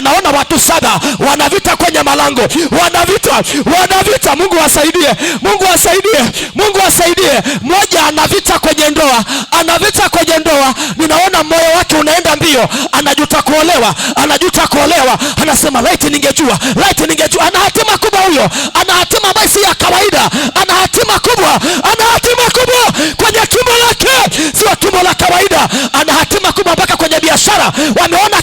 vita, naona watu saba wanavita kwenye malango, wanavita, wanavita. Mungu wasaidie, Mungu wasaidie, Mungu wasaidie. Mmoja anavita kwenye ndoa, anavita kwenye ndoa, ninaona moyo wake unaenda mbio, anajuta kuolewa, anajuta kuolewa, anasema laiti ningejua, laiti ningejua. Ana hatima kubwa huyo, ana hatima ambayo si ya kawaida, ana hatima kubwa, ana hatima kubwa kwenye tumbo lake, sio tumbo la kawaida, ana hatima kubwa mpaka kwenye biashara, wameona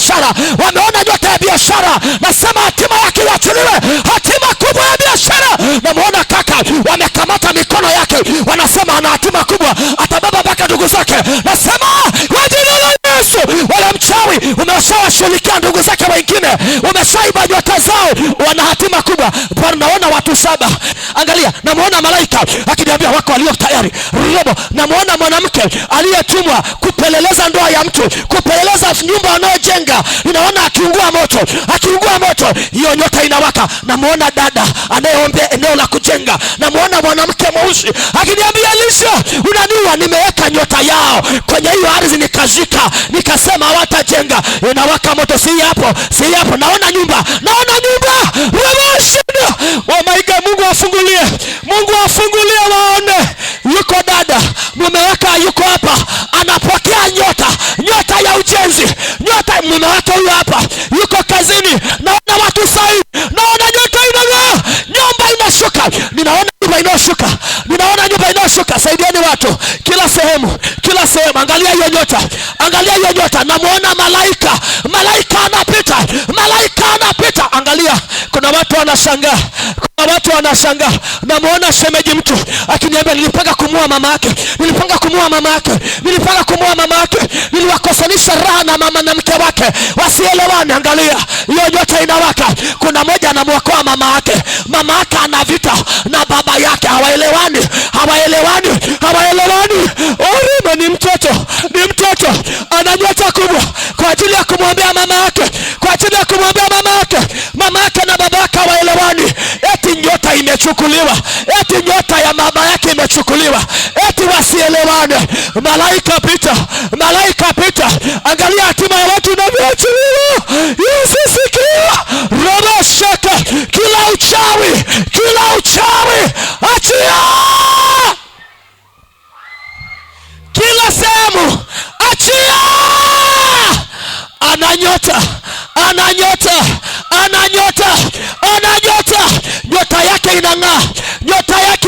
biashara, wameona nyota ya biashara, nasema hatima yake iachiliwe, hatima kubwa ya biashara. Namwona kaka, wamekamata mikono yake, wanasema ana hatima kubwa, atababa mpaka ndugu zake, nasema Uchawi umeshawashughulikia ndugu zake wengine, umeshaiba nyota zao, wana hatima kubwa. Bwana, naona watu saba. Angalia, namwona malaika akiniambia wako walio tayari robo. Namwona mwanamke aliyetumwa kupeleleza ndoa ya mtu, kupeleleza nyumba anayojenga, inaona akiungua moto, akiungua moto, hiyo nyota inawaka. Namwona dada anayeombea eneo la kujenga, namwona mwanamke mweusi akiniambia Lisha, unaniwa nimeweka nyota yao kwenye hiyo ardhi, nikazika, nikasema hawatajenga kujenga inawaka moto. Si hapo, si hapo, naona nyumba, naona nyumba. Oh my God, Mungu afungulie, Mungu afungulie, waone yuko wanashangaa kuna watu wanashangaa. Namwona shemeji mtu akiniambia, nilipanga kumua mama yake, nilipanga kumua mama yake, nilipanga kumua mama yake, niliwakosanisha raha na mama na mke wake wasielewane. Angalia hiyo nyota inawaka. Kuna moja anamwokoa mama yake, mama yake ana vita na baba yake, hawaelewani, hawaelewani, hawaelewani. Orima ni mtoto, ni mtoto, ana nyota kubwa kwa ajili ya kumwambia mama yake, kwa ajili ya kumwambia imechukuliwa, eti nyota ya mama yake imechukuliwa, eti wasielewane. Malaika pita, malaika pita, angalia hatima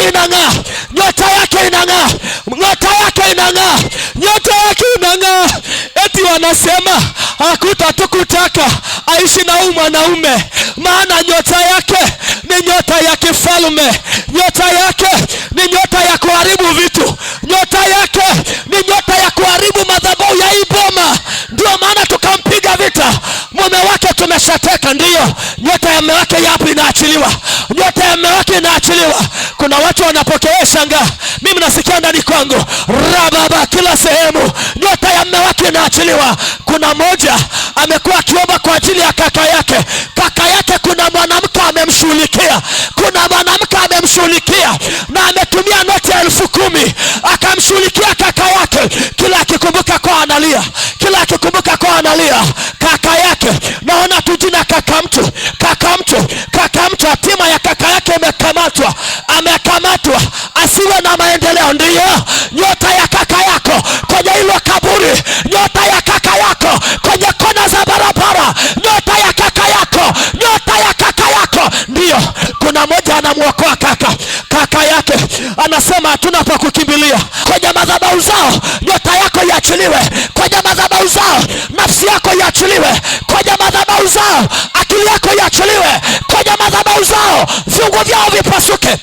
yake inang'aa, nyota yake inang'aa, nyota yake inang'aa, nyota yake inang'aa. Eti wanasema tukutaka aishi na huyu mwanaume, maana nyota yake ni nyota ya kifalme, nyota yake yame wake yapo, inaachiliwa nyota, yame wake inaachiliwa. Kuna watu wanapokea shanga, mimi nasikia ndani kwangu rababa, kila sehemu nyota yame wake inaachiliwa. Kuna moja amekuwa akiomba kwa ajili ya kaka yake, kaka yake kuna mwanamke amemshughulikia, kuna mwanamke amemshughulikia na ametumia noti ya elfu kumi akamshughulikia kaka yake, kila akikumbuka kwa analia, kila akikumbuka kwa analia kaka yake ndiyo nyota ya kaka yako kwenye ilo kaburi, nyota ya kaka yako kwenye kona za barabara, nyota ya kaka yako, nyota ya kaka yako. Ndiyo, kuna moja anamwokoa kaka kaka yake, anasema hatuna pa kukimbilia. Kwenye madhabahu zao nyota yako iachiliwe, kwenye madhabahu zao nafsi yako iachiliwe, kwenye madhabahu zao akili yako iachiliwe, kwenye madhabahu zao viungo vyao vipasuke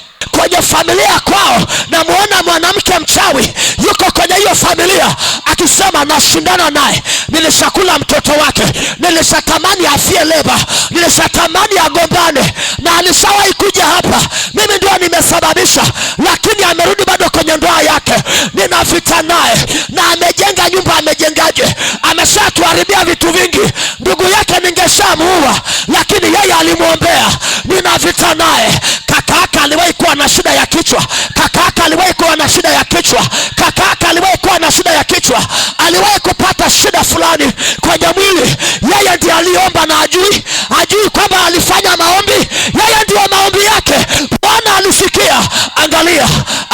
kwenye familia kwao, namwona mwanamke mchawi yuko kwenye hiyo familia akisema, nashindana naye, nilishakula mtoto wake, nilishatamani afie leba, nilishatamani agombane na alishawahi kuja hapa, mimi ndio nimesababisha, lakini amerudi bado kwenye ndoa yake, ninavita naye, na amejenga nyumba, amejengaje, ameshatuharibia vitu vingi. Ndugu yake ningeshamuua, lakini yeye alimwombea, ninavita naye, kaka yake aliwahi kuwa na shida ya kichwa. Kaka yake aliwahi kuwa na shida ya kichwa. Kaka yake aliwahi kuwa na shida ya kichwa, aliwahi kupata shida fulani kwenye mwili. Yeye ndiye aliomba na ajui, ajui kwamba alifanya maombi. Yeye ndiyo maombi yake Bwana alisikia. Angalia,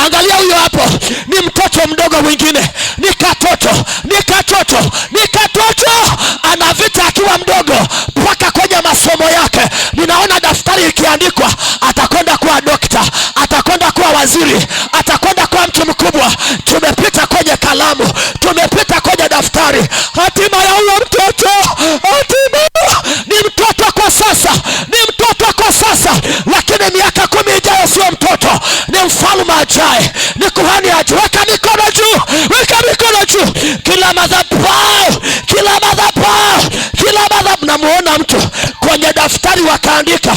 angalia huyo hapo mawaziri atakwenda kwa mtu mkubwa. Tumepita kwenye kalamu, tumepita kwenye daftari. Hatima ya huyo mtoto, hatima ni mtoto kwa sasa, ni mtoto kwa sasa, lakini miaka kumi ijayo sio mtoto, ni mfalme ajaye, ni kuhani ajaye. Weka mikono juu, weka mikono juu. Kila madhabahu, kila madhabahu, kila madhabahu, namuona mtu kwenye daftari wakaandika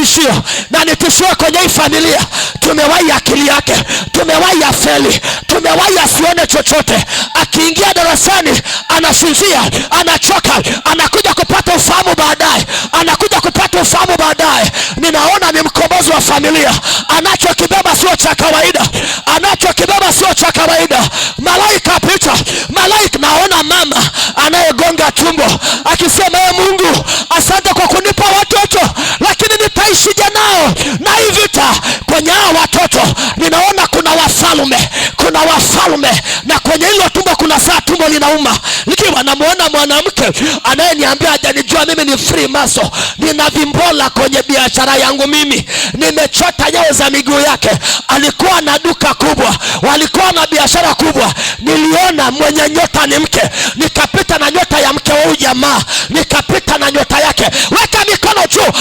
tishio na ni tishio kwenye hii familia. Tumewahi akili yake, tumewahi afeli, tumewahi asione chochote. Akiingia darasani anasinzia, anachoka, anakuja kupata ufahamu baadaye, anakuja kupata ufahamu baadaye. Ninaona ni mkombozi wa familia ana yoyote anayeniambia hajanijua mimi ni maso nina vimbola kwenye biashara yangu, mimi nimechota nyayo za miguu yake. Alikuwa na duka kubwa, walikuwa na biashara kubwa. Niliona mwenye nyota ni mke, nikapita na nyota ya mke wa huyu jamaa, nikapita na nyota yake. Weka mikono juu.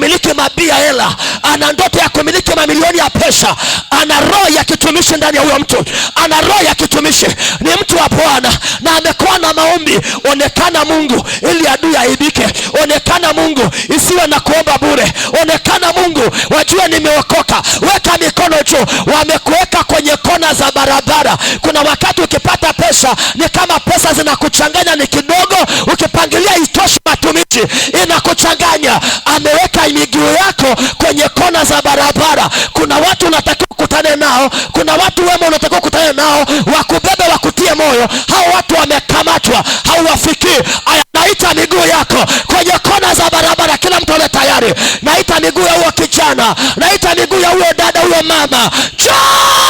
kumiliki mabia hela, ana ndoto ya kumiliki mamilioni ya pesa, ana roho ya kitumishi ndani ya huyo mtu, ana roho ya kitumishi, ni mtu wa Bwana na amekuwa na maombi. Onekana Mungu ili adui aibike, onekana Mungu isiwe na kuomba bure, onekana Mungu wajue nimeokoka. Weka mikono juu, wamekuweka kwenye njia za barabara. Kuna wakati ukipata pesa ni kama pesa zinakuchanganya, ni kidogo, ukipangilia itoshi matumizi inakuchanganya. Ameweka miguu yako kwenye kona za barabara. Kuna watu unatakiwa ukutane nao, kuna watu wema unatakiwa ukutane nao, wakubebe, wakutie moyo. Hao watu wamekamatwa, hauwafikii. Naita miguu yako kwenye kona za barabara, kila mtu awe tayari. Naita miguu ya huo kijana, naita miguu ya huo dada, huyo mama, njoo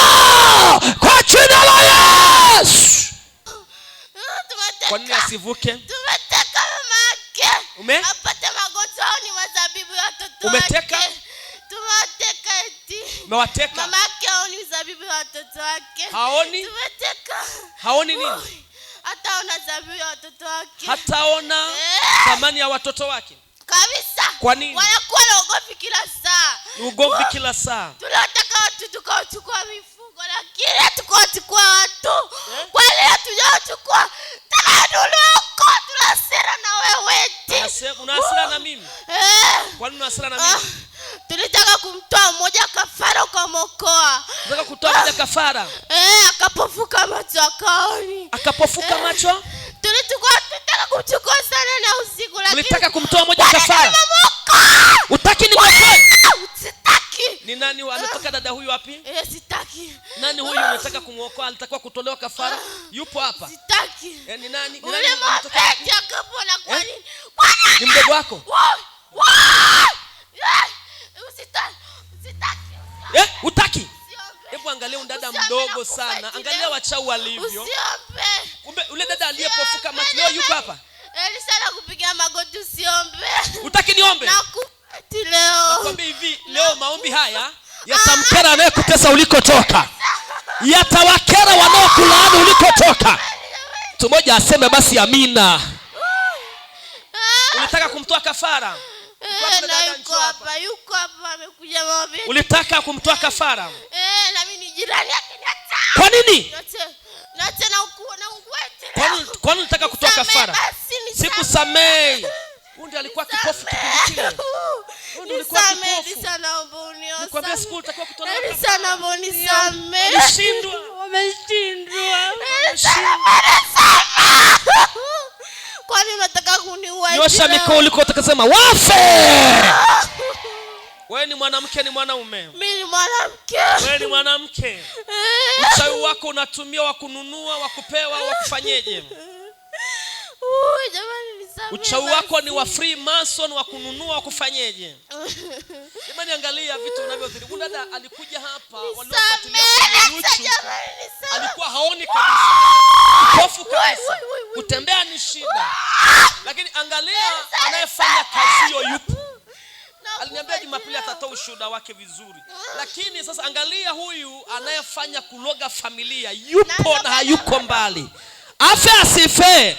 Kwa nini asivuke? Tumeteka mama yake. Ume? Apate magonjwa au ni mazabibu ya watoto. Umeteka? tumeteka eti. Umewateka? Mama yake au ni mazabibu ya watoto wake. Haoni? Tumeteka. Haoni nini? Hataona zabibu ya watoto wake. Hataona eh! thamani eh. ya watoto wake. Kabisa. Kwa nini? Wanakuwa na ugomvi kila saa. ugomvi kila saa. Tunataka watu tukawachukua mifugo lakini hatukuwachukua watu. eh? Kwa nini hatujawachukua? Yaani uliokoa tuna hasira na wewe uh, eh. Una hasira na mimi? Eh. Ah, una hasira na mimi? Tulitaka kumtoa mmoja kafara ukamwokoa. Tunataka kutoa mmoja ah, kafara. Eh, akapofuka macho akaoni. Akapofuka eh, macho? Tulitakuwa tunataka kumchukua sana na usiku lakini. Tulitaka kumtoa mmoja kafara. Utaki ni mwokoe? Unampeleka dada huyu wapi? Eh, sitaki. Nani huyu unataka kumwokoa? Alitakiwa kutolewa kafara. Ah, yupo hapa. Sitaki. Eh, ni nani? Ni nani? Eh? Ni mdogo wako. Eh, eh utaki. Hebu angalia undada mdogo sana. Angalia wachau alivyo. Kumbe ule dada aliyepofuka macho leo yuko hapa. Elisa eh, kupiga magoti usiombe. Utaki niombe? Nakupa leo. Nakwambia hivi, leo maombi haya yatamkera anayekutesa ulikotoka, yatawakera wanaokulaani ulikotoka. Mtu mmoja aseme basi amina. Ah. Unataka kumtoa kafara, eh, ulitaka kumtoa kafara eh, kwa nini? Kwa nini unataka kutoa kafara? Sikusamei. Huyu alikuwa kipofu kipindi kile. Nyosha mikoo uliko utakasema wafe. Wewe ni mwanamke, ni mwanaume? Mimi ni mwanamke. Wewe ni mwanamke. Uchawi eh. wako unatumia wakununua wakupewa wakufanyeje kupewa, Jamani. Uchawi wako ni wa free mason wa kununua, kufanyeje? Jamani, angalia vitu unavyodhiri. Dada alikuja hapa, waliofuatilia YouTube, alikuwa haoni kabisa, kabisa, kutembea ni shida, lakini angalia anayefanya kazi hiyo yupo. Aliniambia Jumapili atatoa ushuhuda wake vizuri, lakini sasa angalia huyu anayefanya kuloga familia yupo na hayuko mbali. Afya asifee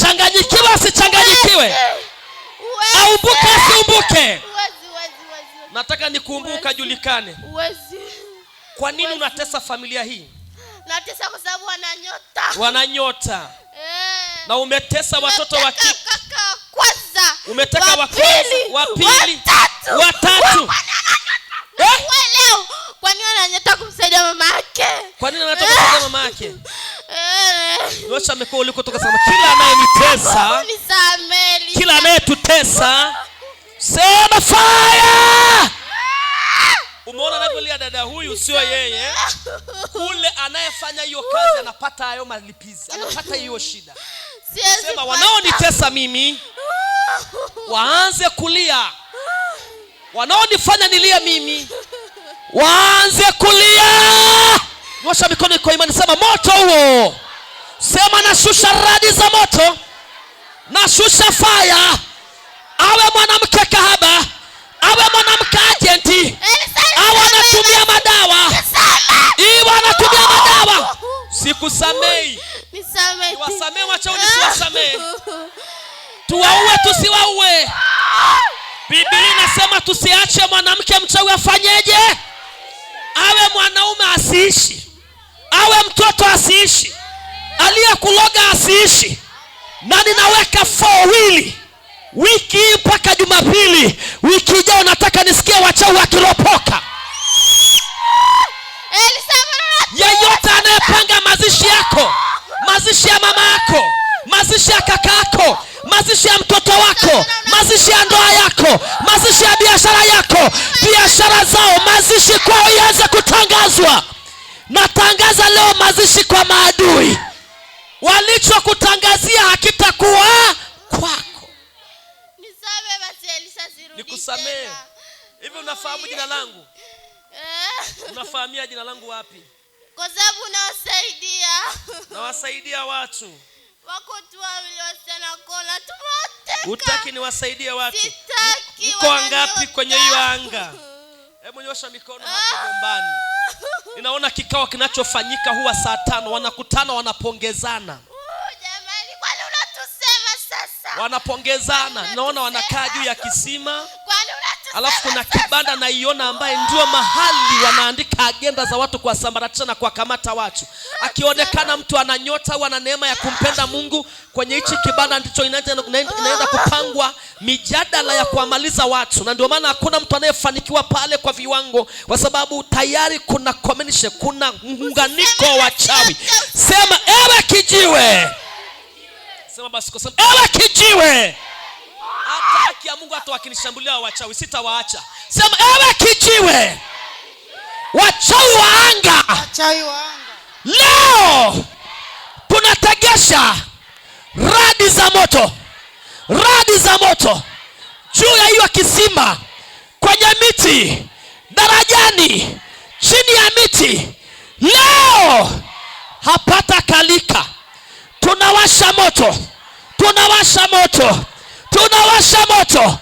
changanyikiwe asichanganyikiwe, aumbuke asiumbuke. Nataka nikumbuka julikane. Kwa nini unatesa familia hii? Natesa kwa sababu wananyota, wananyota eh. Na umetesa watoto wa kike, kwanza umeteka wa pili, wa pili, watatu eh? Kwa nini wananyota kumsaidia mama yake? Kwa nini anataka kumsaidia mama yake? Eh. Nyosha mikono toka sema kila anayenitesa, kila anayetutesa, sema fire. Umeona anavyolia dada huyu, sio yeye. kule anayefanya hiyo kazi anapata hayo malipizi, anapata hiyo shida. Sema wanaonitesa mimi waanze kulia, wanaonifanya nilia mimi waanze kulia. Nyosha mikono kwa imani, sema moto huo Sema nashusha radi za moto, nashusha faya. Awe mwanamke kahaba, awe mwanamke ajenti, awe anatumia madawa, iwe anatumia madawa, sikusamei. Niwasamee, wacha nisiwasamee, tuwaue, tusiwaue. Biblia inasema tusiache mwanamke mchawi afanyeje, awe mwanaume asiishi, awe mtoto asiishi Aliyekuloga asiishi, na ninaweka four wili wiki hii mpaka Jumapili. Wiki ijayo nataka nisikie wachawi wakiropoka. Yeyote anayepanga mazishi yako, mazishi ya mama yako, mazishi ya kaka yako, mazishi ya mtoto wako, mazishi ya ndoa yako, mazishi ya biashara yako, biashara zao, mazishi kwao iweze kutangazwa. Natangaza leo mazishi kwa maadui walichokutangazia hakitakuwa kwako. nikusamee Hivi unafahamu jina langu? Eh. Unafahamia jina langu wapi? Kwa sababu nawasaidia, nawasaidia watu utaki niwasaidie watu. Mko wangapi kwenye hiyo anga? Hebu nyosha mikono hapo ah! Ninaona kikao kinachofanyika huwa saa tano, wanakutana wanapongezana. Jamani, kwani unatusema sasa? Wanapongezana, naona wanakaa juu ya kisima. Kwa alafu kuna kibanda naiona ambaye ndio mahali wanaandika agenda za watu kuwasambaratisha na kuwakamata watu. Akionekana mtu ana nyota au ana neema ya kumpenda Mungu, kwenye hichi kibanda ndicho inaenda kupangwa mijadala ya kuwamaliza watu, na ndio maana hakuna mtu anayefanikiwa pale kwa viwango, kwa sababu tayari kuna komunishe, kuna muunganiko wa chawi. Sema ewe kijiwe, sema basi, kwa sababu ewe kijiwe hata haki ya Mungu hata wakinishambulia wachawi sitawaacha. Sema ewe kijiwe, wachawi wa anga, wachawi wa anga, leo tunategesha radi za moto, radi za moto juu ya hiyo kisima, kwenye miti, darajani, chini ya miti, leo hapata kalika. Tunawasha moto, tunawasha moto mtoto,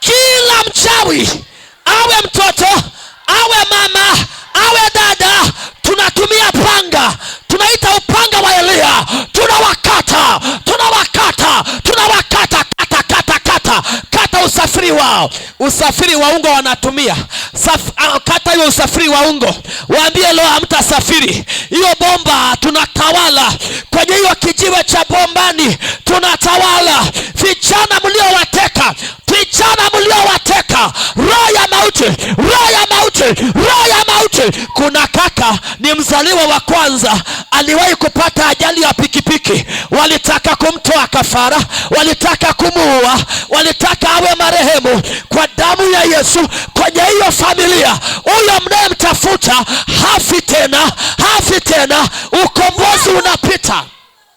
kila mchawi, awe mtoto, awe mama, awe dada, tunatumia panga, tunaita upanga wa Elia, tunawakata, tunawakata, tunawakata, kata, kata, kata, kata usafiri wao, usafiri wa ungo wanatumia Saf, kata hiyo usafiri wa ungo, waambie leo hamtasafiri. Hiyo bomba tunatawala kwenye hiyo kijiwe cha bombani, tunatawala vijana mliowateka, vijana mliowateka, roho ya mauti, roho ya mauti, roho ya mauti. Kuna kaka ni mzaliwa wa kwanza, aliwahi kupata ajali ya pikipiki, walitaka kumtoa kafara, walitaka kumuua, walitaka awe marehemu. Kwa damu ya Yesu kwenye hiyo familia, huyo mnayemtafuta hafi tena, hafi tena. Ukombozi unapita